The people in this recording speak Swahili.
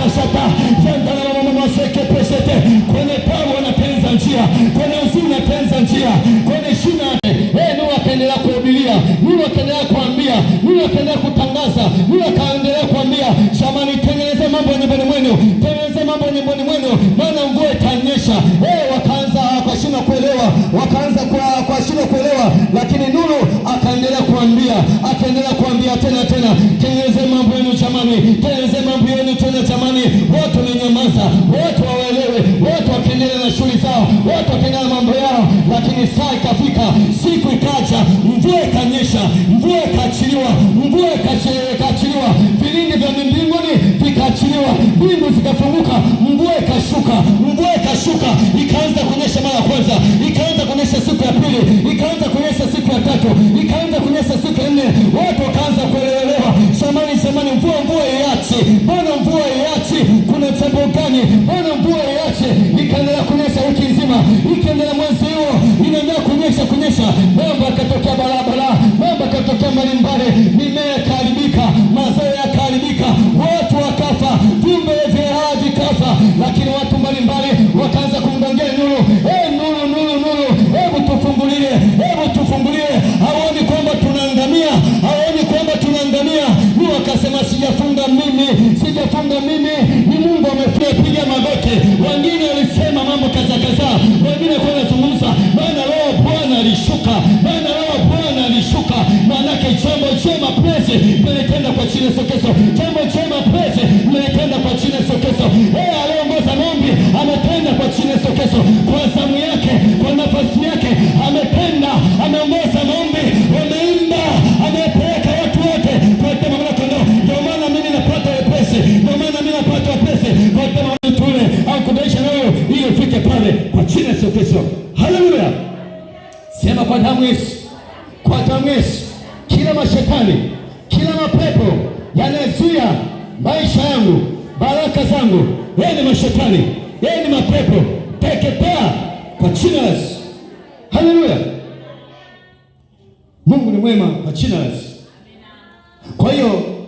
basata jandalalamamaseke kwenye tabu anapenza njia, kwenye uzuri anapenza njia, kwenye shina hey, eh, Nuhu akaendelea kuhubiria, Nuhu akaendelea kuambia, Nuhu akaendelea kutangaza, Nuhu akaendelea kuambia, jamani, tengeneze mambo nyumbani mwenu, tengeneze mambo nyumbani mwenu, maana mvua itanyesha. Hey, eh, wakaanza wakashindwa kuelewa, wakaanza kuwashindwa kuelewa, lakini Nuhu akaendelea kuambia, akaendelea kuambia tena tena, tengeneze mambo yenu jamani, tengeneze mvua ikashuka, ikaanza kunyesha mara ya kwanza, ikaanza kunyesha siku ya pili, ikaanza kunyesha siku ya tatu, ikaanza kunyesha siku ya nne. Watu wakaanza kuelewa, samani samani, mvua mvua iachi, mbona mvua iachi? Kuna jambo gani? Mbona mvua iachi? Ikaendelea kunyesha wiki nzima, ikaendelea mwezi huo, inaendelea kunyesha kunyesha, bomba akatokea bara kaza kaza, wengine kwa nazungumza, maana roho ya Bwana alishuka, maana roho Bwana alishuka. Maanake jambo jema praise mnatenda kwa chini sokeso, jambo jema praise mnatenda Sema kwa damu Yesu, kwa damu Yesu, kila mashetani, kila mapepo yanayozuia maisha yangu, baraka zangu, yeye ni mashetani, yeye ni mapepo, teketea kwa jina la Yesu. Haleluya! Mungu ni mwema kwa jina la Yesu. Kwa hiyo